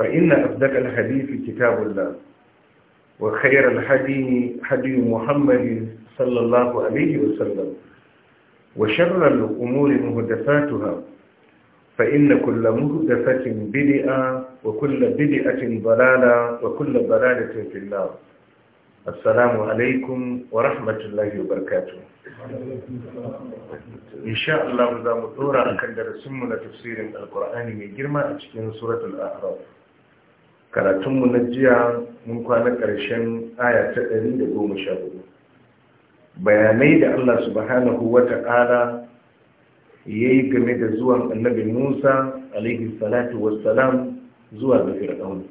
فإن أصدق الحديث كتاب الله وخير الحديث حدي محمد صلى الله عليه وسلم وشر الأمور مهدفاتها فإن كل مهدفة بدئة وكل بدئة ضلالة وكل ضلالة في الله السلام عليكم ورحمة الله وبركاته إن شاء الله ذا مطورة أكد رسمنا تفسير القرآن من جرمى أشكين سورة الأعراف karatunmu na jiya mun kwana ƙarshen aya ta da 114 bayanai da Allah subhanahu wa ta'ala ya yi game da zuwan annabi Musa alaihi salatu wassalam zuwa ga fir'aun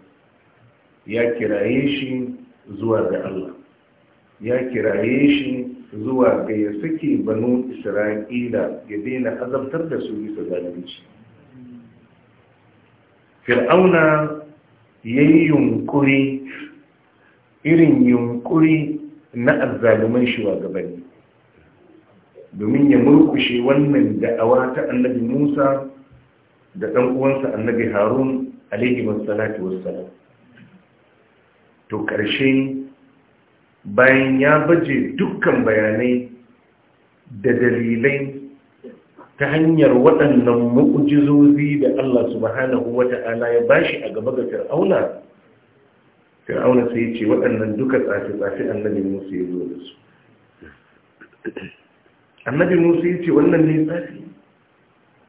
ya kiraye shi zuwa ga Allah ya kiraye shi zuwa ga ya sake banu isra'ila ya daina azabtar da su bisa zalunci fir'auna ya yi yunkuri irin yunkuri na azzaluman gabani domin ya murkushe wannan da'awa ta annabi musa da ɗan uwansa annabi harun alaihi wassalatu wassalam to ƙarshe bayan ya baje dukkan bayanai da dalilai ta hanyar waɗannan mu'ujizozi da Allah subhanahu wata'ala ya bashi a gaba ga fir'auna fir'auna sai ce waɗannan duka tsafi-tsafi annabi musu ya zo da su annabi musu ya ce wannan ne tsafi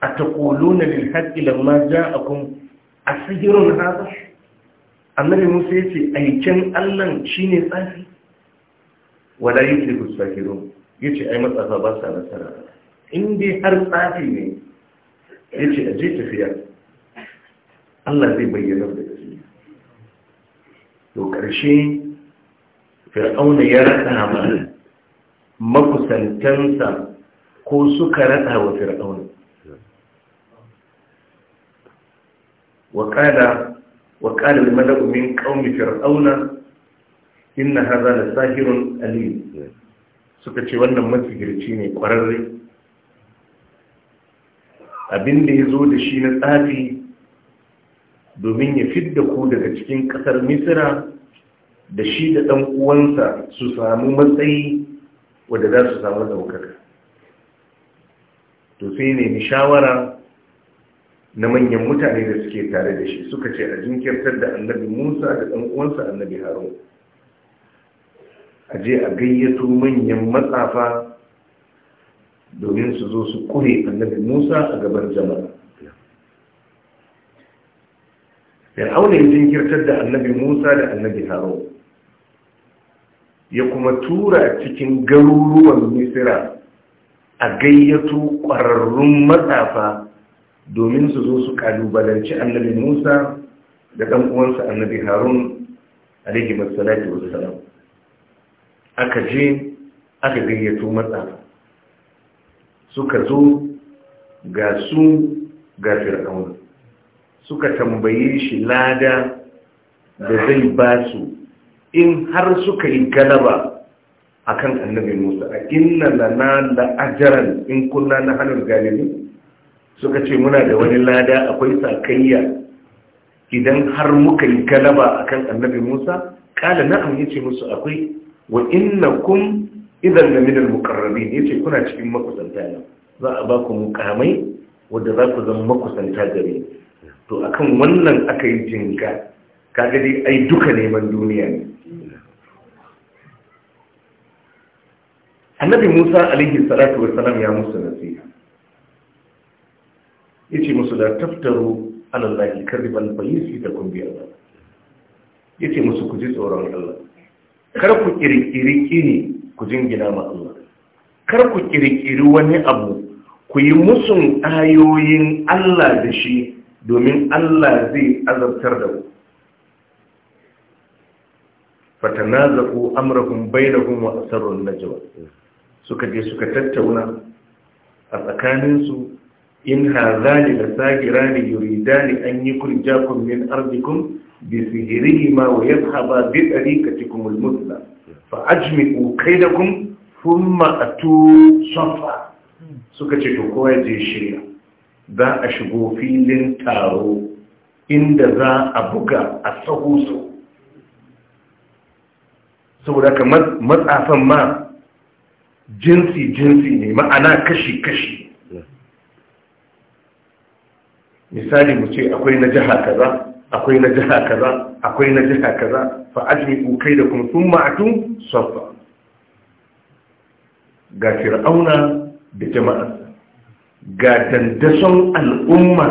a taƙoluna lil haƙƙi lamma ja a kun a sihirin haɗa annabi musu ya ce aikin allan shine tsafi wala yi ce fuskakirun ya ce ai matsafa ba sa nasara in dai har tsafi ne ya ce a je tafiya Allah zai bayyana da gaske to ƙarshe fir'auna ya raɗa ma makusantansa ko suka raɗa wa fir'auna وقال وقال الملأ Fir'auna, قوم فرعون إن da لساحر أليم suka ce wannan masihirci ne ƙwararre abin da ya zo da shi na tsafi domin ya fidda ku daga cikin ƙasar misira da shi da ɗan uwansa su samu matsayi wadda za su samu ɗaukaka to sai ne shawara na manyan mutane da suke tare da shi suka ce a jinkirtar da annabi musa da ɗan uwansa annabi harun a je a gayyato manyan matsafa domin su zo su kure annabi musa a gaban jama'a fir'auna ya jinkirtar da annabi musa da annabi haro ya kuma tura cikin garuruwan misira a gayyato ƙwararrun matsafa domin su zo su kalubalanci annabi musa da ɗan uwansa annabi harun alaihi masalatu wassalam aka je aka gayyato matsafa suka zo ga su ga fir'aun suka tambaye shi lada da zai ba su in har suka yi galaba a kan annabi musa a inna lana la'ajaran in kunna na hannun galibi suka ce muna da wani lada akwai sakayya idan har muka yi galaba a kan annabi musa kala na'am yace musu akwai wa innakum idan da midal mukarrabi ya ce kuna cikin makusanta ne za a ba ku mukamai wadda za ku zama makusanta gare to akan wannan aka yi jinga kaga dai ai duka neman duniya ne annabi musa alaihi salatu wa Salam ya musu nasiha yace musu da taftaru alallahi kadiban bayisi da kun biya ba yace musu ku ji tsoron Allah kar ku kirkiri kini ku jingina ma Allah kar ku kirkiri wani abu ku yi musun ayoyin Allah da shi domin Allah zai azabtar da ku fatanazaku amrahum bainahum wa asrarun najwa suka je suka tattauna a tsakaninsu in hazani da sagirani yuridani an yi kurjakun min arzikum bi sihirihima wa yadhhaba bi tariqatikum al-mutla fa da kun thumma atu safa suka ce to kowa je shirya za a shigo filin taro inda za a buga a sahuso saboda ka matsafan ma jinsi-jinsi ne ma'ana kashi-kashi misali mu ce akwai na jiha kaza akwai na jiha kaza akwai na jiha kaza fa da kuma sun ma'atu ga fir'auna da jama'a ga dandason al'umma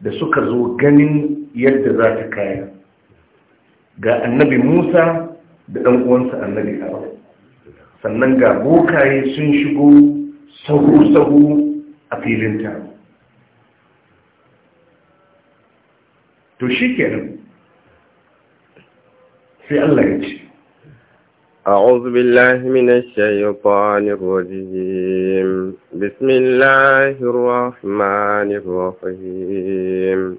da suka zo ganin yadda za ta kaya ga annabi Musa da ɗan uwansa annabi Harun sannan ga bokaye sun shigo sahu-sahu a filin taro to shi kenan Allah أعوذ بالله من الشيطان الرجيم بسم الله الرحمن الرحيم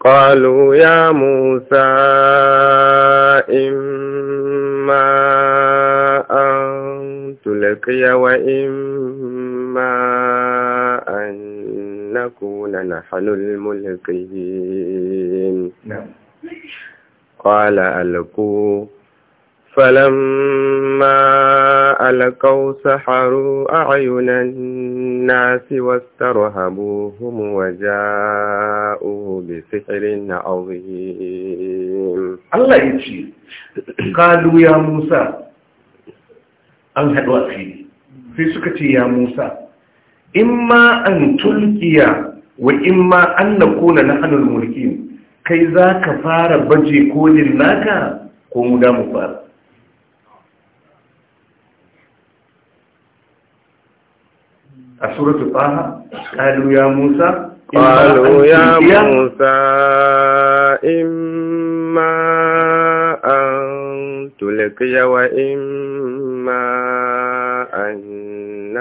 قالوا يا موسى إما أن تلقي وإما نكون نحن الملقين قال ألقوا فلما ألقوا سحروا أعين الناس واسترهبوهم وجاءوا بسحر عظيم الله يجي قالوا يا موسى أنهد وأخي في سكتي يا موسى imma an tulkiya wa imma an na kona na hannun mulki kai za ka fara baje kolin naka ko mu damu fara a suratu faha ƙalu ya musa ya musa imma an tulkiya wa imma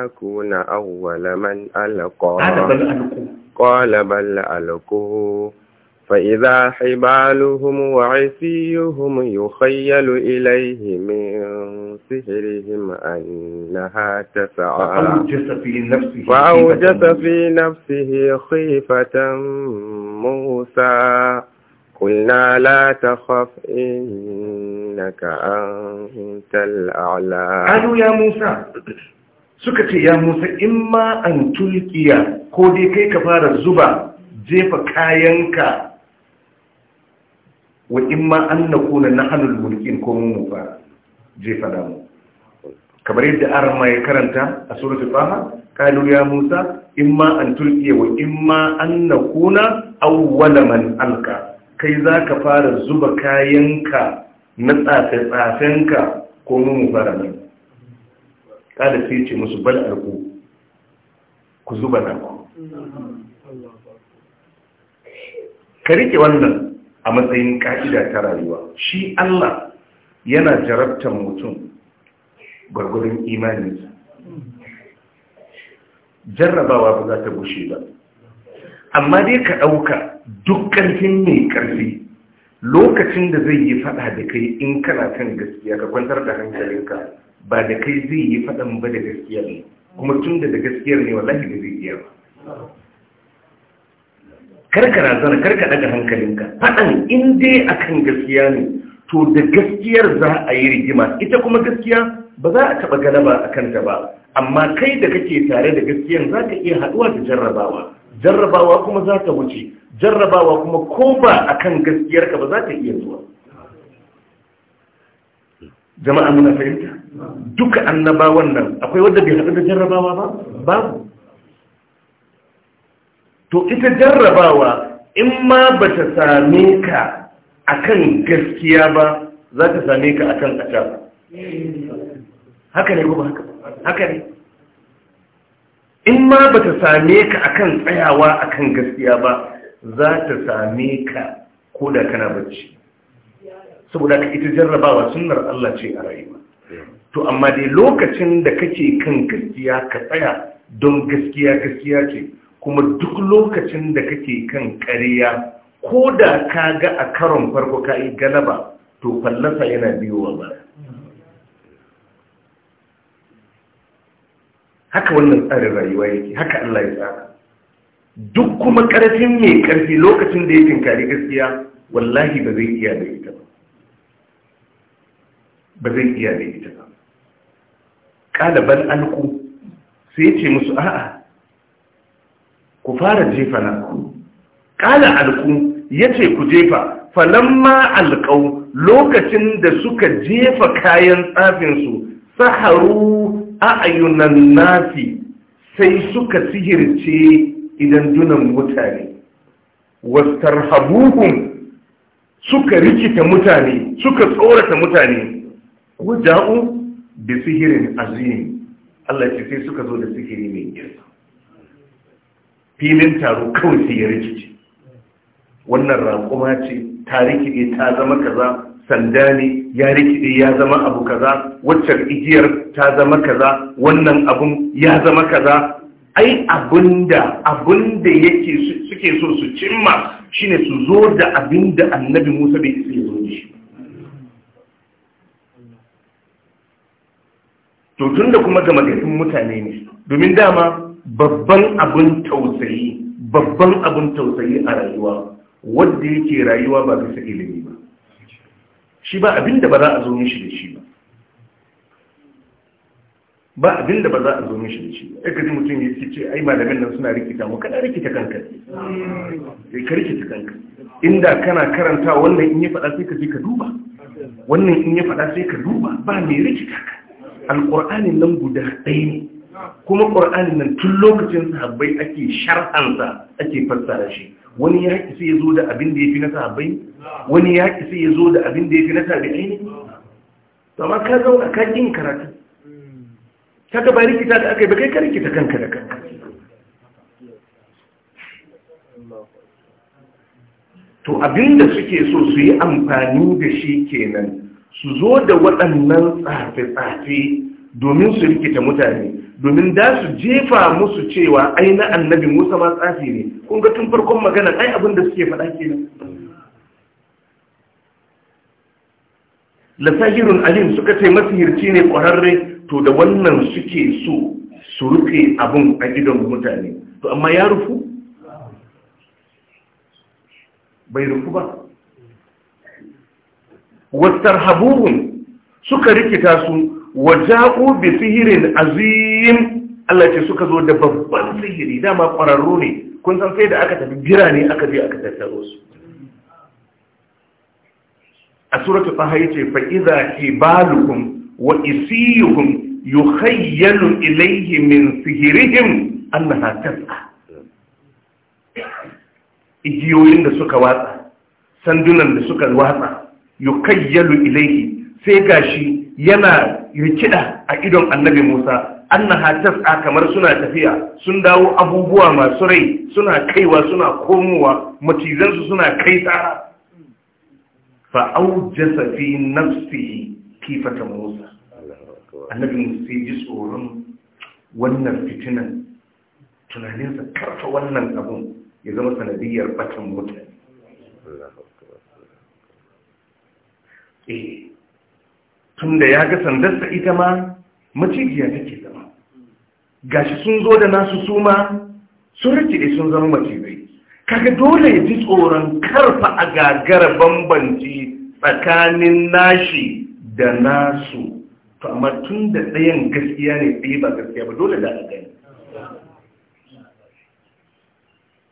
أكون أول من ألقى قال بل ألقوه فإذا حبالهم وعصيهم يخيل إليه من سحرهم أنها تسعى فأوجس في نفسه خيفة موسى قلنا لا تخف إنك أنت الأعلى قالوا يا موسى suka ce ya musa in ma an tulkiya ko dai kai ka fara zuba jefa kayanka wa in ma an na kuna na hannun mulkin ko mun mufa jefa damu kamar yadda arama ya karanta a suratul faha kalu ya musa in ma an tulkiya wa in ma an na kuna awwala man alka kai za ka fara zuba kayanka na tsafe-tsafenka ko mun mufa ne kada sai ce musu bal alku ku zuba na ka rike wannan a matsayin ka'ida ta rayuwa shi Allah yana jarabtar mutum gwargwadon imaninsa jarrabawa ba za ta bushe ba amma dai ka ɗauka duk ƙarfin mai ƙarfi lokacin da zai yi faɗa da kai in kana kan gaskiya ka kwantar da hankalinka ba da kai zai yi faɗan ba da gaskiyar ne kuma tun da da gaskiyar ne wallahi da zai iya ba karka razana karka daga hankalinka faɗan in dai akan gaskiya ne to da gaskiyar za a yi rigima ita kuma gaskiya ba za a taɓa galaba a kanta ba amma kai da kake tare da gaskiyar za ka iya haɗuwa da jarrabawa jarrabawa kuma za ta wuce jarrabawa kuma ko ba akan gaskiyarka ba za ta iya zuwa jama'a muna fahimta duka annabawan nan akwai wadda bai haɗu da jarrabawa ba babu to ita jarrabawa in ma ba ta same ka akan gaskiya ba za ta same ka akan ba haka ne ba haka haka ne in ma ba ta same ka akan tsayawa akan gaskiya ba za ta same ka ko da kana bacci saboda ka ita jarrabawa sunnar Allah ce a rayuwa to amma dai lokacin da kake kan gaskiya ka tsaya don gaskiya gaskiya ce kuma duk lokacin da kake kan ƙarya ko da ka ga a karon farko ka yi galaba to fallasa yana wa ba haka wannan tsarin rayuwa yake haka Allah ya tsara duk kuma ƙarfin mai karfi lokacin da ya tinkari gaskiya wallahi ba zai iya da ita ba ba zai iya da ita ba ƙalaban alku sai ce musu a'a ku fara jefa na ku ƙala alku ya ce ku jefa falamma alƙau lokacin da suka jefa kayan tsafinsu saharu a ayyunan nafi sai suka sihirce idan dunan mutane wastarhabuhum suka rikita mutane suka tsorata mutane waja'u da sihirin azim Allah ce sai suka zo da sihiri mai girma filin taro kawai sai ya rikice wannan raƙuma ce ta rikide ta zama kaza sanda ne ya rikide ya zama abu kaza waccan igiyar ta zama kaza wannan abun ya zama kaza ai abinda abinda yake suke so su cimma shine su zo da abinda annabi Musa bai isa ya zo shi to tun da kuma gama garin mutane ne domin dama babban abin tausayi babban abin tausayi a rayuwa wadda yake rayuwa ba bisa ilimi ba shi ba abin da ba za a zo mishi da shi ba ba abin da ba za a zo mishi da shi ba ji mutum ya ce ai malamin nan suna rikita mu kana rikita kanka sai eh, ka rikita kanka inda kana karanta wannan in ya faɗa sai ka je ka duba wannan in ya faɗa sai ka duba ba mai rikita ka alƙur'anin nan guda ɗaya ne kuma ƙur'anin nan tun lokacin sahabbai ake sharhansa ake fassara shi wani ya haƙi sai ya zo da abin da ya fi na sahabbai wani ya haƙi sai ya zo da abin da ya fi na tabi'ai ne amma ka zauna ka kin karatu ka ga bari kita da aka yi ba kai ka ta kanka da kanka to abin da suke so su yi amfani da shi kenan su zo da waɗannan tsafe-tsafe domin su rikita mutane domin da su jefa musu cewa ai na annabi musa ma tsafi ne kun ga tun farkon magana ai abin da suke faɗa kenan lasahirun alim suka ce masihirci ne ƙwararre to da wannan suke so su rufe abin a gidan mutane to amma ya rufu bai rufu ba wastarhabuhum suka rikita su wajen bi sihirin azim Allah ce suka zo da babban sihiri dama kwararru ne kun san sai da aka tafi birane aka je aka tattaro su a suratul taha yace fa idza hibalukum wa isiyukum yukhayyalu ilayhi min sihirihim annaha tas'a igiyoyin da suka watsa sandunan da suka watsa yukayyalu ilaihi sai gashi yana rikida a idon annabi Musa annaha tas'a kamar suna tafiya sun dawo abubuwa masu rai suna kaiwa suna komowa macizansu suna kai tsara fa aujasa fi nafsihi kifata Musa annabi Musa ji tsoron wannan fitinan tunaninsa karfa wannan abun ya zama sanadiyar batun mutane eh tunda ya ga sandarsa ita ma macijiya take zama gashi sun zo da nasu suma sun da sun zama macizai kaga dole ya ji tsoron karfa a gagara bambanci tsakanin nashi da nasu to amma tun da ɗayan gaskiya ne ɗaya ba gaskiya ba dole da a gani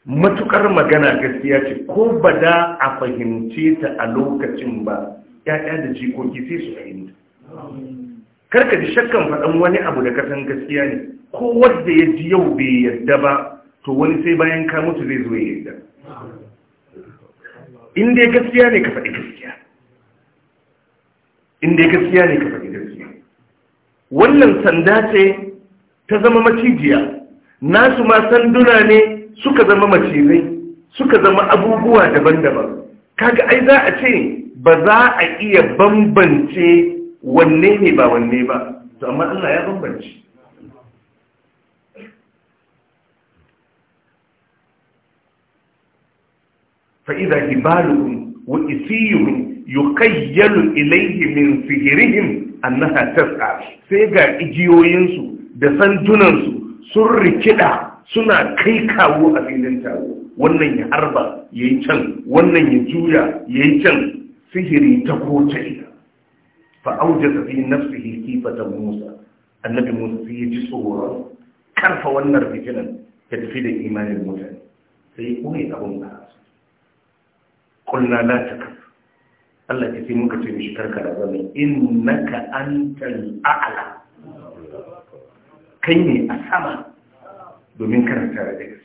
matukar magana gaskiya ce ko ba da a fahimce ta a lokacin ba ya'ya da jikoki sai su fahimta karka ji shakkan faɗan wani abu da kasan gaskiya ne ko wanda ya ji yau bai yadda ba to wani sai bayan ka mutu zai zo ya yadda in ya gaskiya gaskiya gaskiya ne ka faɗi gaskiya wannan sanda ce ta zama macijiya nasu ma sanduna ne suka zama macizai suka zama abubuwa daban-daban kaga ai za a ce ba za a iya bambance wanne ne ba wanne ba amma Allah ya bambance fa’iza ibalun wa isiyun yukayyalu ilaihi min fihirihim annaha tasa sai ga igiyoyinsu da sandunansu sun rikida suna kai kawo a filin tawo wannan ya harba ya yi can wannan ya juya ya yi can سهري تقوت فأوجد في نفسه كيفة موسى النبي موسى في جسورا كرف والنر في جنن تدفيد إيمان المتن في قوي أبو الناس قلنا لا تكف الله كثير منك تنشكرك لظلم إنك أنت الأعلى كيني أسامة دومين كانت تاريخ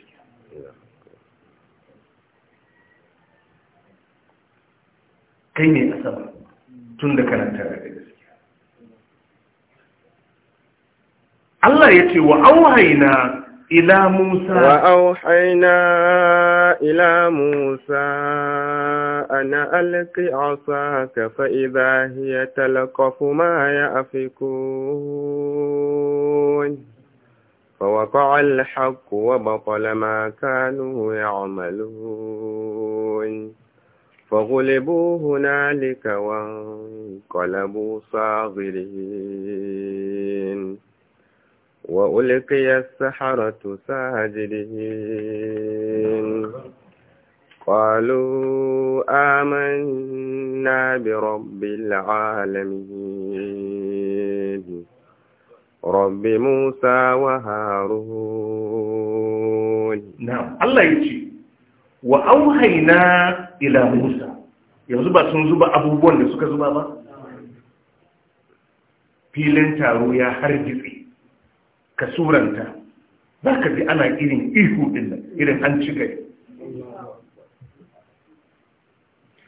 kai ne asabar tun da karanta da gaskiya Allah ya ce wa auhaina إلى موسى وأوحينا إلى موسى أن ألق عصاك فإذا هي تلقف ما يأفكون فوقع الحق وبطل ما كانوا يعملون فغلبوا هنالك وانقلبوا صاغرين وألقي السحرة ساجدين قالوا آمنا برب العالمين رب موسى وهارون نعم الله يجي وأوهينا ila musa yanzu ba sun zuba abubuwan da suka zuba ba filin taro ya hargitse ka suranta za ka ji ana irin ihu din irin an cika gari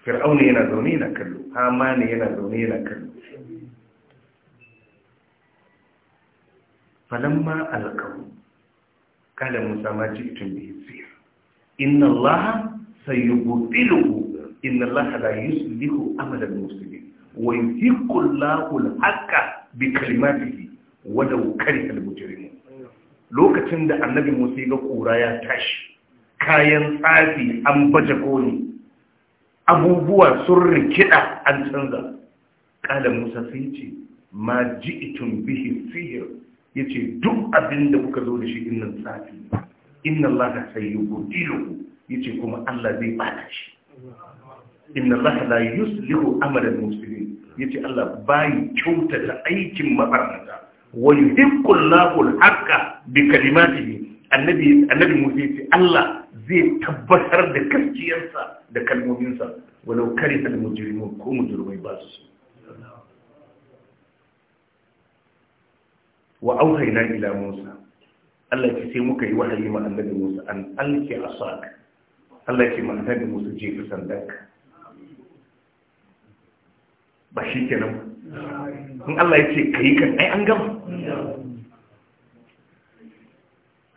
fir'auna yana zaune yana kallo hamani yana zaune yana kallo falamma alkawu kada musa ma ji itun da ya inna allaha سيبطله إن الله لا يصلح haka المسلمين ويثق الله الحق بكلماته ولو كره المجرمون lokacin da annabi musa ga kura ya tashi kayan tsafi an baje koni abubuwa sun rikida an canza kala musa sai ce ma ji'itun bihi sihir yace duk abinda kuka zo da shi innan tsafi inna allaha sayyubdiluhu yace kuma Allah zai bata shi inna Allah la yuslihu amalan muslimin yace Allah bai kyautata aikin mabarnata wa yuhiqqu Allahu al-haqqa bi kalimatihi annabi annabi Musa yace Allah zai tabbatar da gaskiyarsa da kalmominsa walau karita al-mujrimun ko mujrimai ba su wa auhayna ila Musa Allah ya ce muka yi wahayi ma annabi Musa an alki asaka Allah ke manata da musu jefi sandanka ba shi nan? in Allah ya ce ka yi kan ai an gama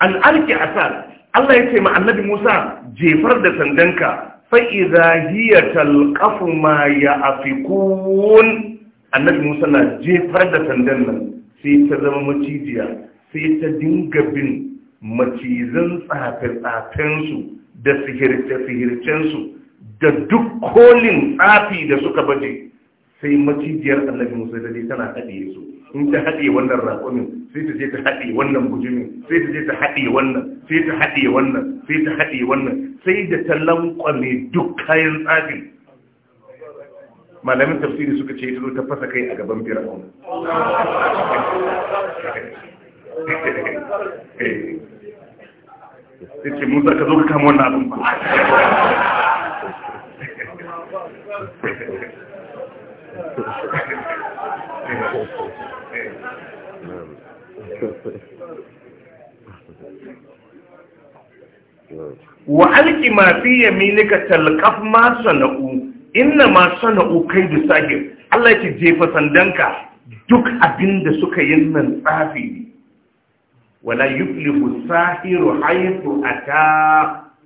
an alki asal Allah ya ce ma annabi Musa jefar da sandanka fa'iza hiya talqafu ma ya afikun annabi Musa na jefar da sandan nan sai ta zama macijiya sai ta dinga bin macizan tsafe-tsafensu da sihirce-sihircensu da duk kolin tsafi da suka baje sai macijiyar annabi musa da dai tana haɗe su in ta haɗe wannan raƙonin sai ta je ta haɗe wannan bujimin sai ta je ta haɗe wannan sai ta haɗe wannan sai ta haɗe wannan sai da ta lankwame duk kayan tsafi. malamin tafsiri suka ce ta fasa kai a gaban fir'aun sai ce musa ka zo ka kama wannan abin ba wa alki ma fi yaminika talqaf ma sana'u inna ma sana'u da sahib Allah ya ce jefa sandanka duk abinda suka yin nan tsafi ne wala yuklifu sahiru haythu ata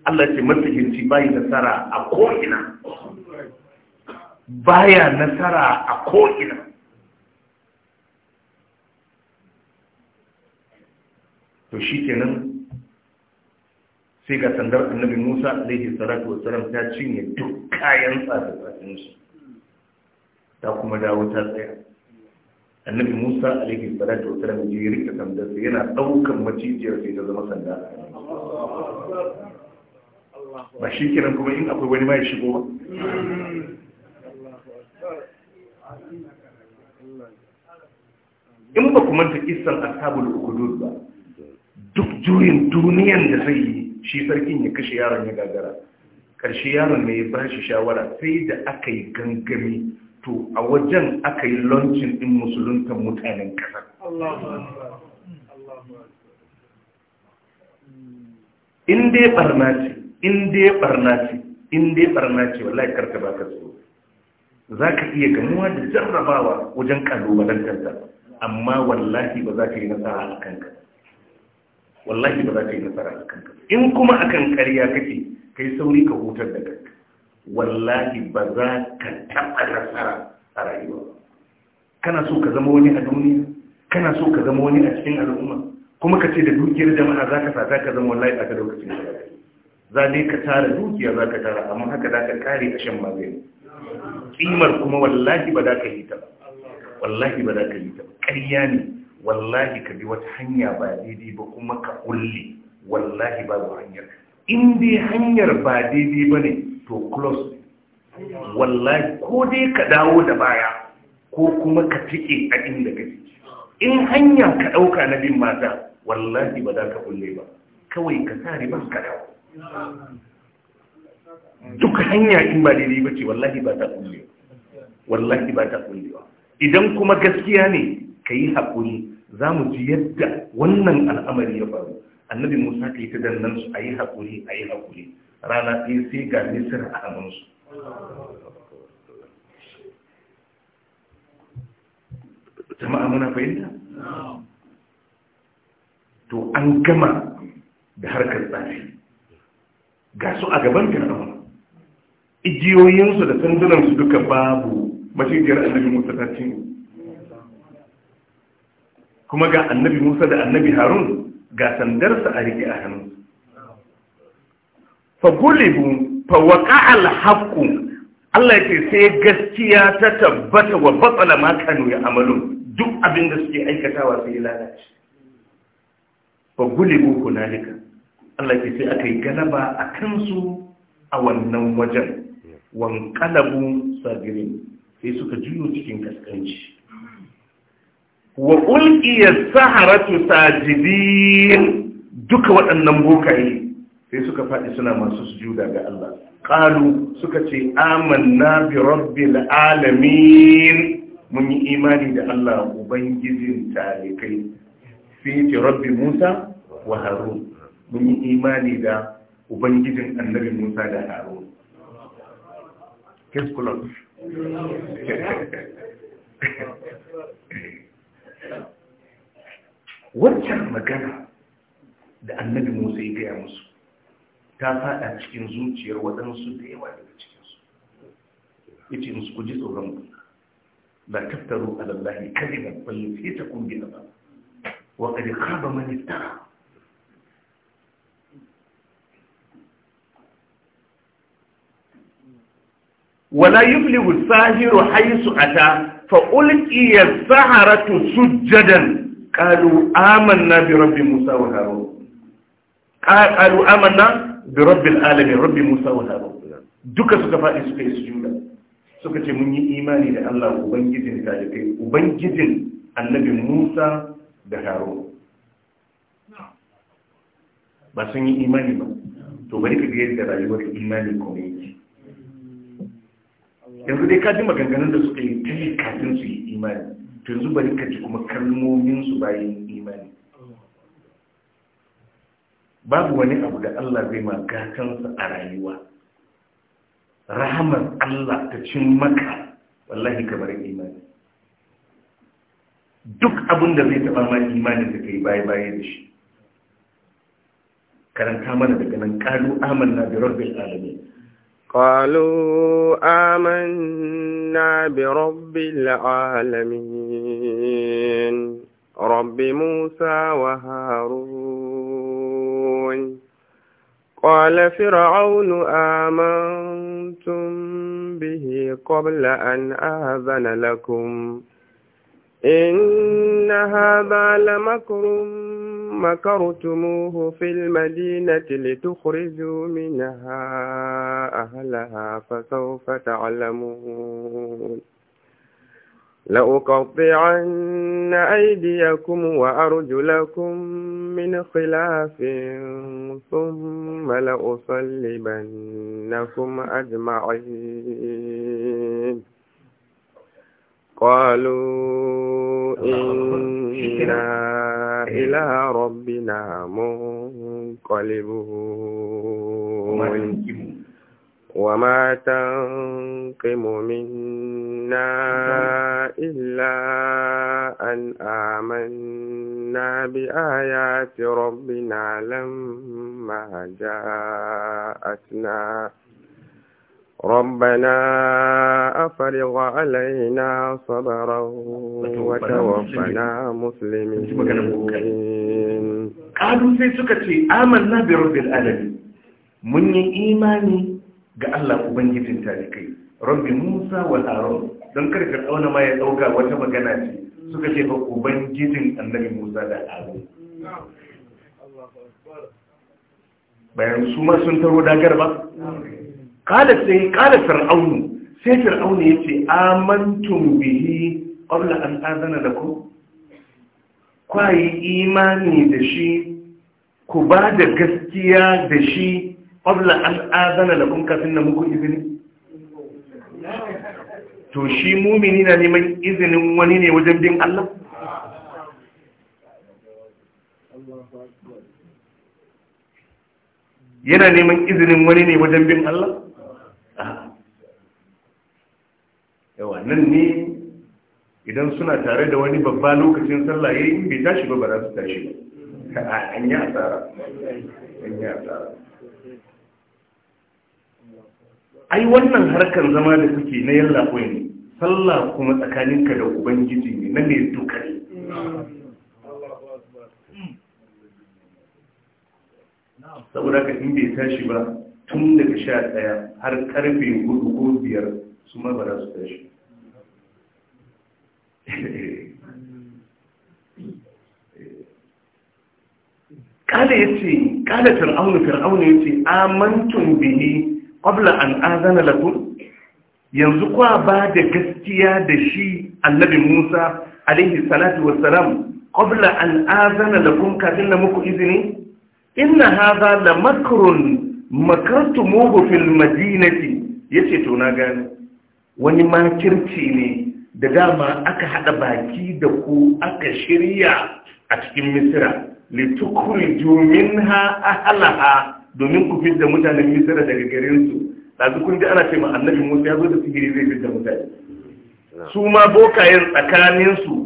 Allah ce matsihinci bai nasara a ko'ina baya nasara a ko'ina to shi kenan sai ga sandar annabi musa alaihi salatu wasalam ta cinye duk kayan tsada su ta kuma dawo ta tsaya annabi musa alaihi salatu wasallam ya rika sandarsa yana daukan macijiyar sai ta zama sanda ba shi kiran kuma in akwai wani ma shigo ba in ba kuma ta kisan ashabul ukudud ba duk juyin duniyan da zai yi shi sarkin ya kashe yaron ya gagara karshe yaron mai ba shi shawara sai da aka yi gangami to a wajen aka yi launcin din musuluntan mutanen kasar in ya barna ce in ya barna ce in ya barna ce ta karka ka tsoro za ka iya gamuwa da jarrabawa wajen kanta amma wallahi ba za ka yi nasara a kanka wallahi ba za ka yi nasara a kanka in kuma akan ƙarya kake kai sauri ka hutar da kanka wallahi ba za ka taɓa nasara a rayuwa kana so ka zama wani a duniya kana so ka zama wani a cikin al'umma kuma ka ce da dukiyar jama'a za ka sata ka zama wallahi a ka daukacin da za ne ka tara dukiya za ka tara amma haka za ka kare a shan magani kimar kuma wallahi ba za ka yi ta ba wallahi ba za ka yi ta ba ƙarya ne wallahi ka bi wata hanya ba daidai ba kuma ka kulle wallahi babu hanyar in dai hanyar ba daidai ba ne to close wallahi ko dai ka dawo da baya ko kuma ka tike a inda gaji in hanya ka ɗauka na bin mata wallahi ba za ka kulle ba kawai ka sa riban ka dawo duk hanya in ba daidai ba ce wallahi ba ta kulle wallahi ba ta ba. idan kuma gaskiya ne ka yi haƙuri za mu ji yadda wannan al'amari ya faru annabi musa ta yi ta dannan su a yi haƙuri a yi haƙuri rana ɗaya sai ga misir a hannunsu jama'a muna fahimta to an gama da harkar tsafi ga su a gaban fir'aun igiyoyinsu da sandunansu duka babu mashigiyar annabi musa ta kuma ga annabi musa da annabi harun ga sandarsa a rike a hannunsu fa gulibu fa waƙa Allah ce sai gaskiya ta tabbata wa batsala ma ya amalu duk abin da suke aikatawa sai ya lalace fa na hunalika Allah ce sai aka yi galaba a kansu a wannan wajen wankalabu sabirin sai suka juyo cikin kaskanci wa ulqiyas saharatu sajidin duka waɗannan bokaye sai suka faɗi suna masu sujuda ga Allah ƙalu suka ce amanna bi rabbil alamin mun yi imani da Allah ubangijin talikai sai ce rabbi Musa wa Harun mun yi imani da ubangijin annabi Musa da Harun kula wancan magana da annabi Musa ya gaya musu ta faɗa cikin zuciyar waɗansu da yawa daga cikinsu yace musu ku ji tsoron ku la taftaru ala allahi kadiban fa yusitakum bi adab wa qad khaba mani tara. wala yuflihu as-sahiru Haisu a ta ulqiya ya saharatu sujadan qalu amanna bi rabbi musa wa harun qalu amanna bi rabbil alamin rabbi musa wa harun duka suka faɗi suka yi sujuda suka ce mun yi imani da Allah ubangijin talibai ubangijin annabi musa da harun ba sun yi imani ba to bari ka ga yadda rayuwar imani kuma yake yanzu dai ka ji maganganun da suka yi yi kafin su yi imani to yanzu bari ka ji kuma kalmomin su bayan imani babu wani abu da Allah zai magatansa a rayuwa rahamar Allah ta cin maka wallahi kamar imani duk abin da zai taba ma imani da kai baya baya da shi karanta mana daga nan kalu amanna bi rabbil alamin bi آمنا برب العالمين Musa wa harun قال فرعون آمنتم به قبل أن آذن لكم إن هذا لمكر مكرتموه في المدينة لتخرجوا منها أهلها فسوف تعلمون لأقطعن أيديكم وأرجلكم من خلاف ثم لأصلبنكم أجمعين قالوا إنا إلى ربنا منقلبون wama ta kai na illa an aman na bi aya ti robbi na alam ma ja atina wata wafa na musulmi sai suka ce aman na bi robbi alayi mun yi imani ga Allah ubangijin talikai rabbi musa wa harun don kar auna ma ya ɗauka wata magana ce suka ce ba ubangijin annabi musa da harun bayan su ma sun taro dagar ba kada sai kada fir'aunu sai fir'aunu yace amantun bihi qabla an ku? lakum kwayi imani da shi ku ba da gaskiya da shi qabla an azana lakum kafin na muku izini to shi mumini na neman izinin wani ne wajen bin Allah yana neman izinin wani ne wajen bin Allah yawa nan ne idan suna tare da wani babba lokacin sallah yayin bai tashi ba ba za su tashi ba. an yi asara an yi asara ai wannan harkar zama da kuke na yalla ne sallah kuma tsakaninka da ubangiji ne na ne duka ne saboda ka in bai tashi ba tun daga sha ɗaya har karfe hudu ko biyar su ma ba su tashi kada ya ce kada fir'aunu fir'aunu ya ce amantun bihi qabla an azana yanzu kwa ba da gaskiya da shi annabi Musa alaihi salatu wassalam qabla an azana lakum kafin na muku izini inna hadha la makrun mugu fil madinati yace to na gane wani makirci ne da dama aka hada baki da ku aka shirya a cikin misira litukhriju a halaha. domin ku fi da mutanen misira daga garinsu su kun ji ana ce ma annabi musa ya zo da sihiri zai da mutane su ma bokayen tsakaninsu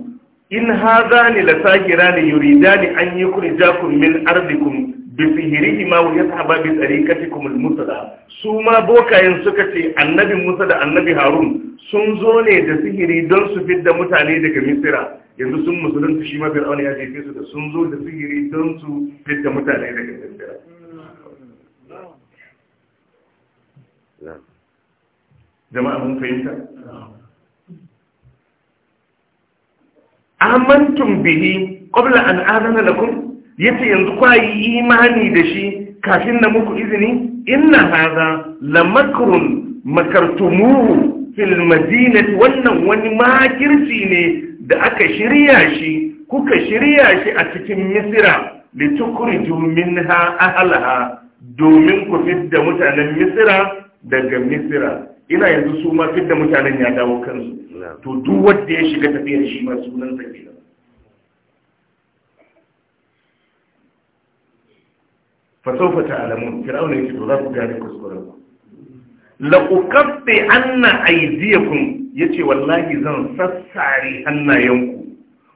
in haza la sakira yuridani an yi kuri jakun min ardikum bi sihirihi ma wa yasaba bi tariqatikum al musala su ma bokayen suka ce annabi musa da annabi harun sun zo ne da sihiri don su fidda mutane daga misira yanzu sun musulunta shi ma fir'auna ya jefe su da sun zo da sihiri don su fidda mutane daga misira jama'a mun fahimta amantum bihi qabla an adana lakum yace yanzu kwa yi imani da shi kafin na muku izini inna hadha lamakrun makartumuhu fil madinati wannan wani makirci ne da aka shirya shi kuka shirya shi a cikin misira da tukurju ahlaha domin ku fidda mutanen misira daga misira ina yanzu su ma fidda mutanen ya dawo kansu to duk wanda ya shiga tafiyar shi ma sunan sa kenan fa sawfa ta'lamun fir'auna yake to za ku gane kuskuren ku la uqatti anna aydiyakum yace wallahi zan sassare hannayenku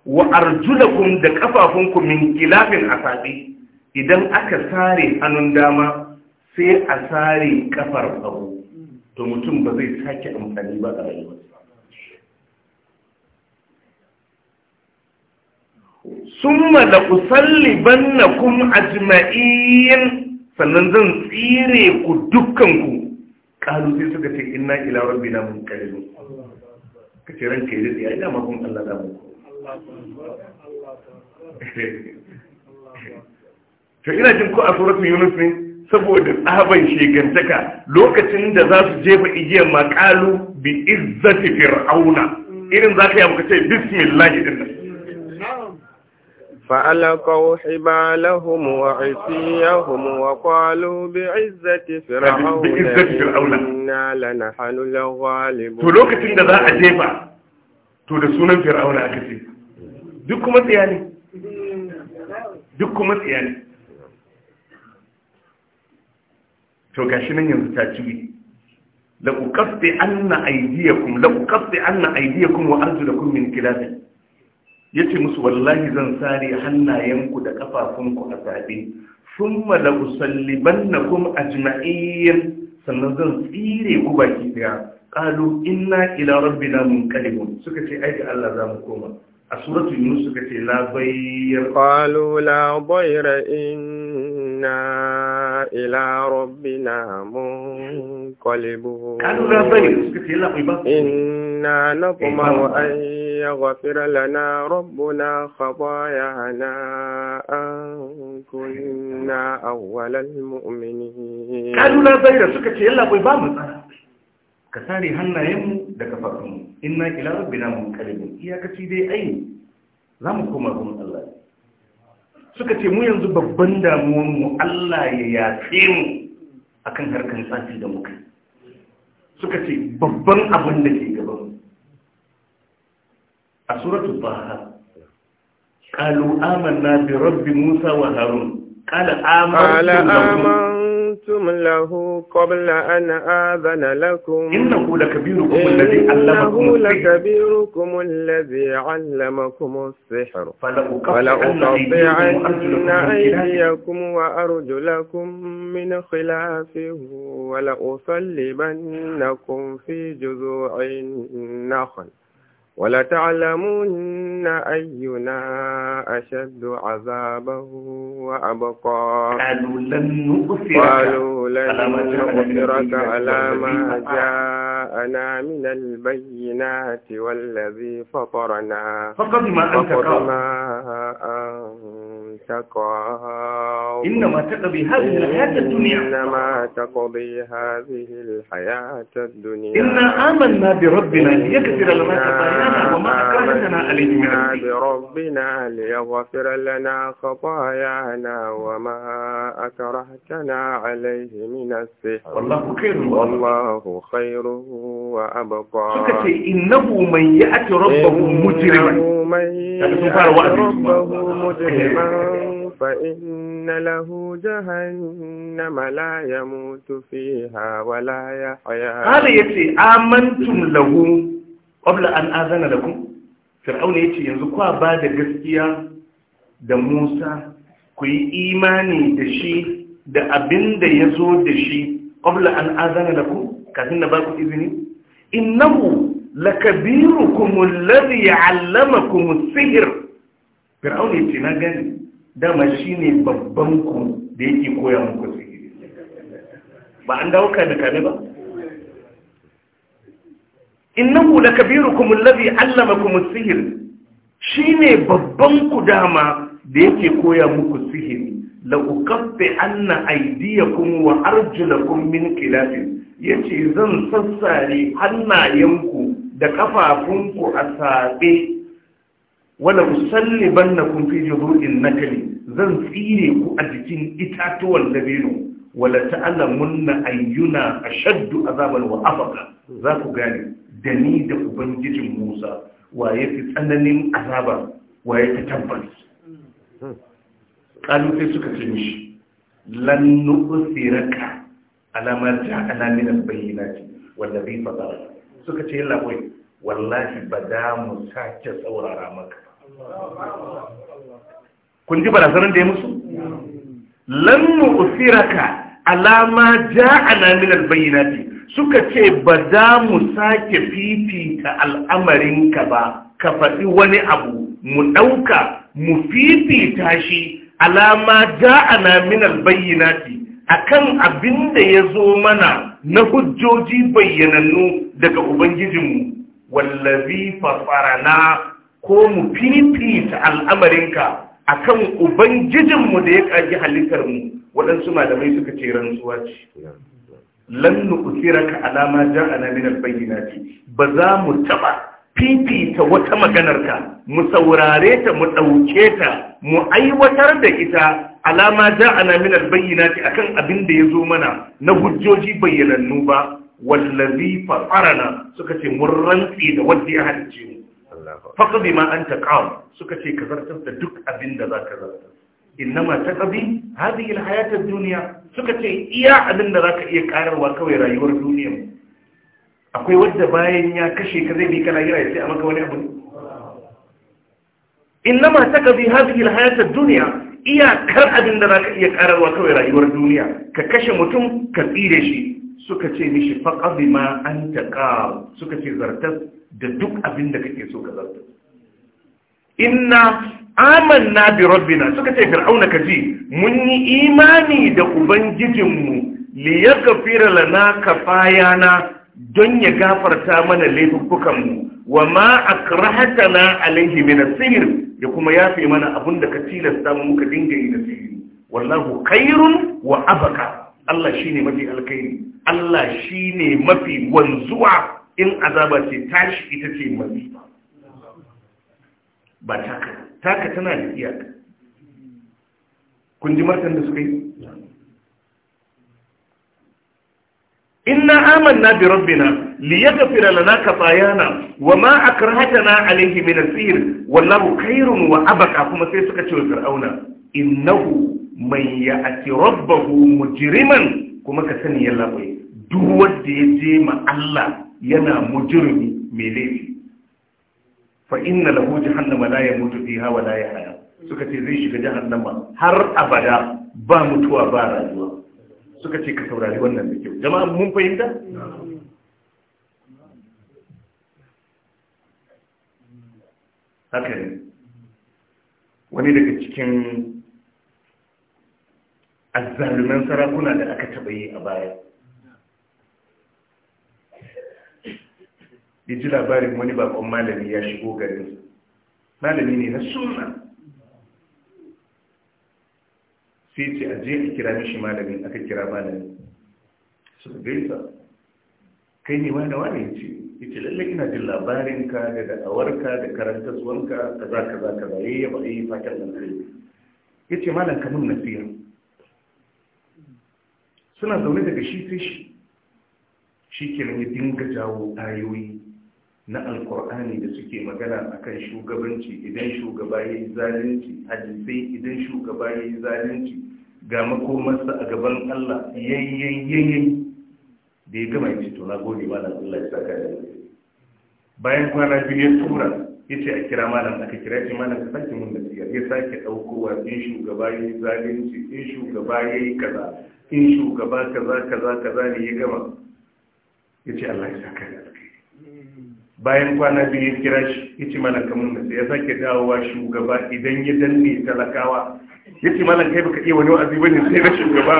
wa arjulakum da kafafunku min kilafin asabi idan aka sare hannun dama sai a sare kafar abu to mutum ba zai sake amfani ba a rayuwarsa summa da usalliban na kuma ajma'in sannan zan tsire ku dukkanku ƙalu sai suka ce ina ila rabbi na mun kare mu ka ce ranka yi zai yi dama kun Allah da mu to ina jin ko a suratul yunus ne saboda tsaban shigantaka lokacin da za su jefa igiya makalu bi izzati fir'auna irin za ka yi abu ka ce bismillah idan nan fa’alakawo ibalahun wa isiyahun wa kwalo bi izzati fir'auna na lana hannu lawali to lokacin da za a jefa to da sunan fir'auna a kasi duk kuma tsaya duk kuma tsaya to gashi nan yanzu ta ci la uqatti anna aydiyakum la uqatti anna aydiyakum wa arjulakum min khilaf yace musu wallahi zan sare hannayenku da ƙafafunku a sabe thumma la usallibannakum ajma'in sannan zan tsire ku baki daya qalu inna ila rabbina munqalibun suka ce ai Allah za mu koma a suratu yunus suka ce la bayr qalu la bayra inna ila rabbina munqalibun qalu la bayr suka ce la bayr inna wa eh, an yaghfira lana rabbuna khataayana an kunna awwalal mu'minin qalu la bayr suka ce la bayr ba ka sare hannayenmu da kafafunmu inna ila rabbina munqalibun iyakaci dai ai za mu koma gun Allah suka ce mu yanzu babban damuwar mu Allah ya yafe mu akan harkan tsafi da muka suka ce babban abin da ke gaban a suratu baha qalu amanna bi rabbi musa wa harun qala amanna قلتم له قبل أن آذن لكم إنه لكبيركم الذي علمكم السحر لكبيركم الذي علمكم السحر فلأقطعن أيديكم وأرجلكم من خلافه ولأصلبنكم في جذوع النخل ولتعلمن أينا أشد عذابا وأبقى قالوا لن نؤثرك قالوا لن نؤثرك على ما جاءنا من البينات والذي فطرنا فقد ما أنت تقى إنما تقضي هذه الحياة الدنيا إنما تقضي هذه الحياة الدنيا إنا آمنا بربنا ليغفر لنا خطايانا وما أكرهتنا عليه من بربنا ليغفر لنا خطايانا وما أكرهتنا عليه من السحر والله خير والله خير وأبقى إنه من يأتي ربه مجرما من يعني يأتي ربه مجرما فإن له جهنم لا يموت فيها ولا يحيا قال يتي آمنتم له قبل أن آذن لكم فرعون يتي ينزقوا بعد قسكيا da Musa ku yi imani da shi da abin ya zo da shi ƙobla an azana da ku kafin na ba ku izini innahu lakabiru kuma ya kuma sihir ya ce na dama shi ne babban ku da yake koya muku sihiri ba an dauka da kane ba innahu lakabirukum allazi allamakum as-sihr shine babban ku dama da yake koya muku sihiri la uqaffi anna aydiyakum wa arjulakum min ya ce zan sassare hannayenku da kafafunku a sabe wala usalliban na kun fi juburin nakali zan tsire ku a jikin itatuwan dabino wala ta'alamun na ayyuna a shaddu azabar wa afaka za ku gane da ni da ubangijin musa wa ya fi tsananin azaba wa ya ta tabbas ƙalu suka ce mishi lan nu'usiraka alamar ja'ala bayyana ce. bayyinati bai fasara. suka ce yalla koyi wallahi ba da mu sake saurara maka kun ji barazanar da ya musu lan usiraka alama ja'ana min albayyinati suka ce ba za mu sake fifita al'amarinka ba ka faɗi wani abu mu ɗauka mu fifita shi alama ja'ana min albayyinati akan abin da ya zo mana na hujjoji bayyanannu daga ubangijinmu wallazi fafarana. ko mu fifita al'amarinka akan ubangijinmu da ya ƙagi halittar mu waɗansu malamai suka ce rantsuwa ce lan nukusira ka alama a naminar bayyana ce ba za mu taɓa fifita wata maganarka mu saurare ta mu ɗauke ta mu aiwatar da ita alama a naminar bayyana ce akan abin da ya zo mana na hujjoji bayyanannu ba wallazi fatarana suka ce mun rantsi da wanda ya halicce mu faqdi ma anta qam suka ce ka zartar da duk abin da za zaka zartar ta taqdi hadhihi alhayat ad duniya suka ce iya abin da za ka iya kararwa kawai rayuwar duniya akwai wanda bayan ya kashe ka zai bi kana yira sai a maka wani abu innama taqdi hadhihi alhayat ad-dunya iyakar abin da za ka iya kararwa kawai rayuwar duniya ka kashe mutum ka tsire shi suka ce mishi faqadi ma anta qab suka ce zartas da duk abin da kake so ka zarta inna amanna bi rabbina suka ce fir'auna ji. mun yi imani da ubangijinmu li yaghfira lana kafayana don ya gafarta mana laifukanmu wa ma akrahatana alayhi min as-sihr ya kuma yafe mana abun da ka tilasta mu muka dinga yi da sihiri wallahu khairun wa abaka Allah shine mafi alkhairi Allah shine mafi wanzuwa in azaba ce tashi ita ce mafi ba taka taka tana da iyaka kun ji martan da suka yi inna amanna bi rabbina liyaghfira lana khatayana ma akrahatana alayhi min asir wallahu khayrun wa abqa kuma sai suka ce wa fir'auna innahu man ya'ti rabbahu mujriman kuma ka sani yalla bai duk wanda ya je ma Allah yana mujirmi mai laifi fa inna lahu jahannama la yamutu fiha wa la yahya suka ce zai shiga jahannama har abada ba mutuwa ba rayuwa suka ce ka saurari wannan da kyau jama'a mun fahimta haka ne wani daga cikin azzaluman sarakuna da aka taɓa yi a baya ya ji labarin wani bakon malami ya shigo gari malami ne na suna sai ce a je a kira mishi malami aka kira malami Su ga gaisa kai ne wani wani ya ce ya ce lallai ina jin labarin ka da da'awarka da karantaswanka ka za ka za ka za ya ba yi fatan nan kai ya ce malam kamun nasiya suna zaune daga shi fi shi shi nan ya dinga jawo ayoyi na alkur'ani da suke magana akan shugabanci idan shugaba ya yi zalunci hadisai idan shugaba ya yi zalunci ga makomarsa a gaban allah yayyayyayyayi da ya gama yace to na gode malam allah ya saka da bayan kwana biyu ya tura ya ce a kira malam aka kira ce malam ka sake mun nasiya ya sake ɗaukowa in shugaba ya yi zalunci in shugaba ya yi kaza in shugaba kaza kaza kaza ne ya gama ya ce allah ya saka da alkai bayan kwana biyu ya kira shi ya ce malaka mun nasa ya sake dawowa shugaba idan ya danne talakawa ya ce kai baka iya wani wa'azi bane sai na shugaba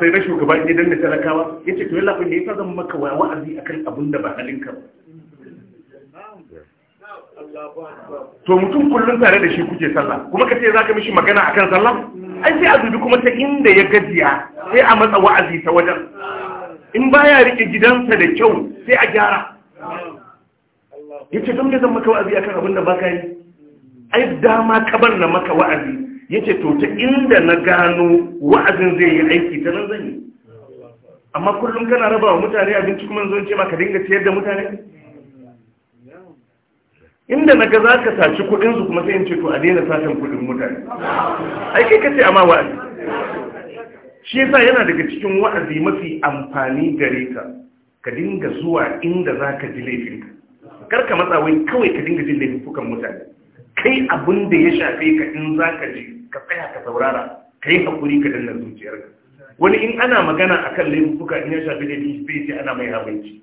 sai na shugaba ya danne talakawa ya ce to yalla kun ne fa zan maka wa'azi akan abin da ba halinka ba to mutum kullum tare da shi kuke sallah kuma ka ce za ka mishi magana akan sallah ai sai a dubi kuma ta inda ya gajiya sai a matsa wa'azi ta wajen in baya rike gidansa da kyau sai a gyara yace don me zan maka wa'azi akan abin da baka yi ai dama kabar na maka wa'azi yace to ta inda na gano wa'azin zai yi aiki ta nan zan yi amma kullum kana raba wa mutane abinci kuma zan ce ma ka dinga ciyar da mutane inda na ga za ka saci kudinsu kuma sai in ce to a daina satan kudin mutane aiki ka ce amma wa'azi shi yasa yana daga cikin wa'azi mafi amfani gare ka ka dinga zuwa inda za ka ji laifinka karka matsa wai kawai ka dinga jin laifukan mutane kai abin da ya shafe ka in za ka ji ka tsaya ka saurara ka yi haƙuri ka danna zuciyarka wani in ana magana a kan in ya shafe da ni sai ce ana mai habanci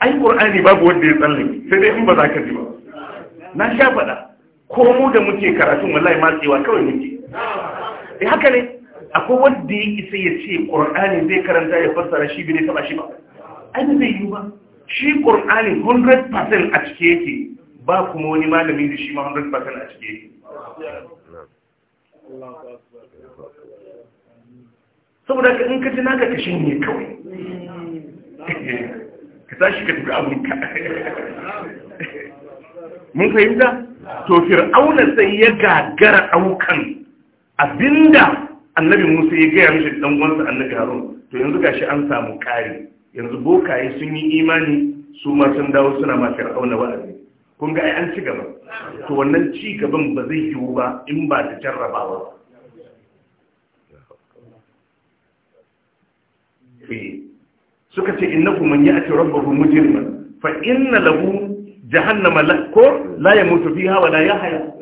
ai ƙur'ani babu wanda ya tsalle sai dai in ba za ka ji ba na sha faɗa ko mu da muke karatun wallahi matsewa kawai muke eh haka ne akwai wanda ya isa ya ce ƙur'ani zai karanta ya fassara shi bai taɓa shi ba an da zai yi ba shi ƙur'ani 100% a cike yake ba kuma wani malami da shi ma 100% a cike yake saboda ka in kaji na naka ka shanye kawai ka tashi ka tafi abinka mun fahimta to fir'auna sai ya gagara aukan abinda annabi musa ya gaya mishi dan uwansa annabi harun to yanzu gashi an samu kari yanzu bokaye sun yi imani su ma sun dawo suna ma fir'auna wa'azi kun ga ai an ci gaba to wannan ci gaban ba zai yiwu ba in ba da jarrabawa eh, suka ce kuma innahu man ya'ti rabbahu mujriman fa inna lahu jahannama la ko la yamutu fiha wa la yahya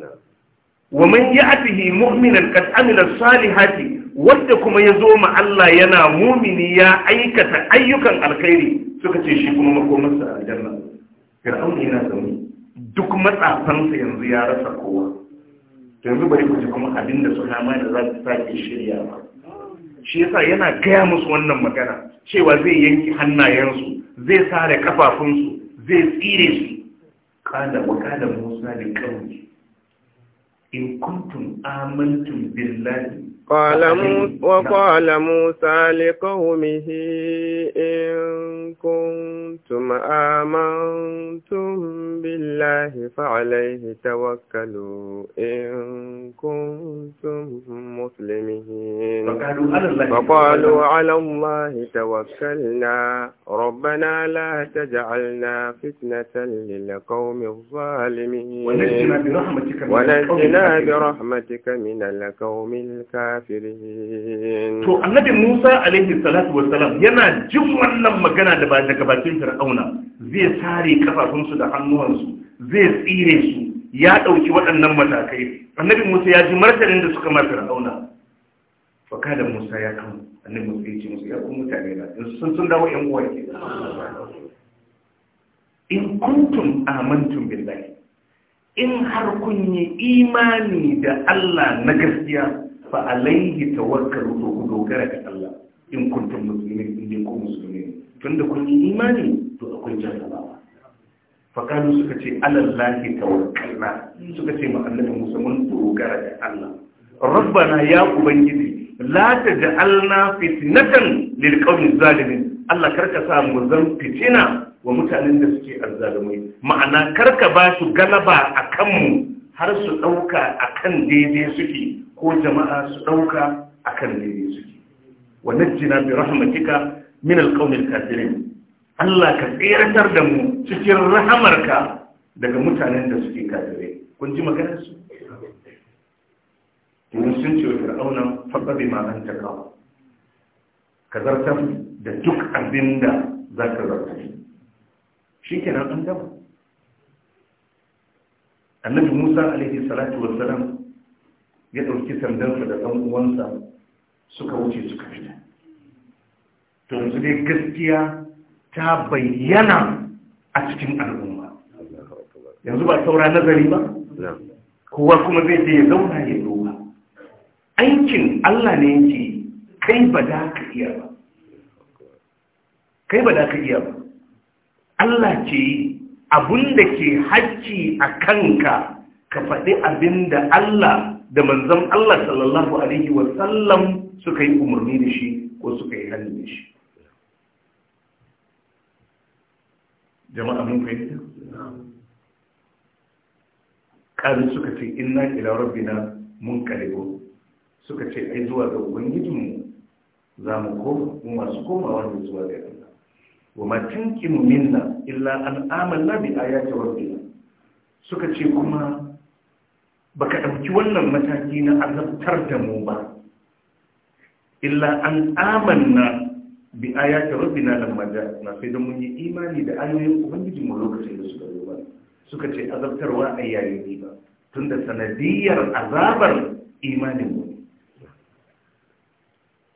wa man ya'tihi mu'minan qad amila salihati wanda kuma ya zo ma Allah yana mumini ya aikata ayyukan alkhairi suka ce shi kuma makomarsa aljanna fir'aun yana zaune duk matsafansa yanzu ya rasa kowa yanzu bari ku ji kuma abin da su hama da za su sake shirya ba shi yasa yana gaya musu wannan magana cewa zai yanki hannayensu zai sare kafafunsu zai tsire su kada wa kada musa da kawai in kuntum amantum billahi وقال موسى, وقال موسى لقومه إن كنتم آمنتم بالله فعليه توكلوا إن كنتم مسلمين وقالوا على الله توكلنا ربنا لا تجعلنا فتنة للقوم الظالمين ونجنا برحمتك من القوم الكافرين kafirin to annabi musa alaihi salatu wa salam, yana jin wannan magana da ba daga bakin fir'auna zai sare kafafunsu da hannuwansu zai tsire su ya dauki waɗannan matakai annabi musa ya ji martanin da suka mafi fir'auna faka kada musa ya kan annabi musa ya ce musu ya kun mutane na in sun sun dawo yan uwa ke in kuntum amantum billahi in har kun yi imani da Allah na gaskiya fa alaihi tawakkalu to ku dogara ga Allah in kuntum muslimin in dai ku musulmi tunda kun yi imani to akwai jarrabawa fa kanu suka ce alallahi tawakkalna suka ce ma annabi Musa mun dogara ga Allah rabbana ya ubangiji la taj'alna fitnatan lilqawmi zalimin Allah karka sa mu zan fitina wa mutanen da suke azzalumai ma'ana karka ba su galaba a kanmu har su ɗauka a kan daidai suke ko jama'a su ɗauka a kan daidai suke wa najjina bi rahmatika min alqawmil kafirin Allah ka tsirantar da mu cikin rahamarka daga mutanen da suke kafirai kun ji maganar su domin sun ce wa fir'auna faɗaɗe ma an ta kawo ka zartar da duk abin da za ka zartar shi kenan an gama annabi musa alaihi salatu wasalam ya ɗauki sandansa da ɗan uwansa suka wuce suka fita to yanzu dai gaskiya ta bayyana a cikin al'umma yanzu ba saura nazari ba kowa kuma zai je ya zauna ya duba aikin Allah ne yake kai ba da ka iya ba kai ba da ka iya ba Allah ce abun da ke hacci a kanka ka faɗi abinda Allah da manzon Allah sallallahu alaihi wa sallam suka yi umarni da shi ko suka yi hannu da shi jama'a mun fahimta kan suka ce inna ila rabbina mun kalibo suka ce ai zuwa ga ubangijinmu za mu koma mu masu komawa ne zuwa ga Allah wa ma tunkimu minna illa an amanna bi ayati rabbina suka ce kuma Ba ka ɗauki wannan mataki na azabtar da mu ba illa an amanna bi ayati rabbina lamma ja'atna sai mun yi imani da ayoyin ubangiji mu lokacin da suka zo ba suka ce azabtarwa a yayi ni ba tunda sanadiyar azabar imanin mu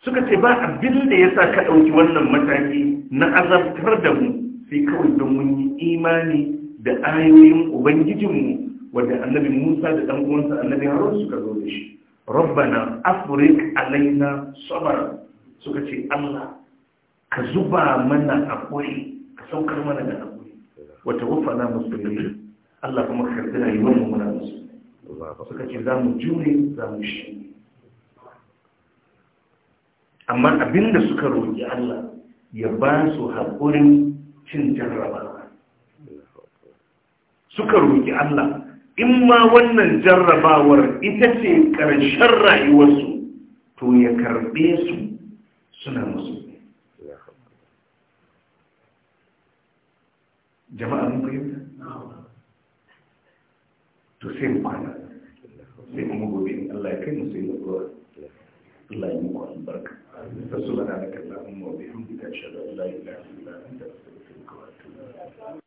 suka ce ba abin da yasa ka ɗauki wannan mataki na azabtar da mu sai kawai don mun yi imani da ayoyin ubangijinmu wadda annabi musa da ɗan uwansa annabi harun suka zo da shi rabbana afrik alaina sabara suka ce allah ka zuba mana akwai ka saukar mana da akwai wata wafana musulmi allah kuma karɓi rayuwar mu muna musulmi suka ce za mu jure za mu shi amma abinda suka roƙi allah ya ba su haƙurin cin jarrabawa suka roƙi Allah in ma wannan jarrabawar ita ce ƙarshen rayuwarsu to ya karɓe su suna musulmi jama'a mun fahimta to sai mu kwana sai kuma gobe in Allah ya kai mu sai mu zuwa Allah ya muku albarka rasulana da kallahumma wa bihamdika ashhadu an la ilaha illa anta astaghfiruka wa atubu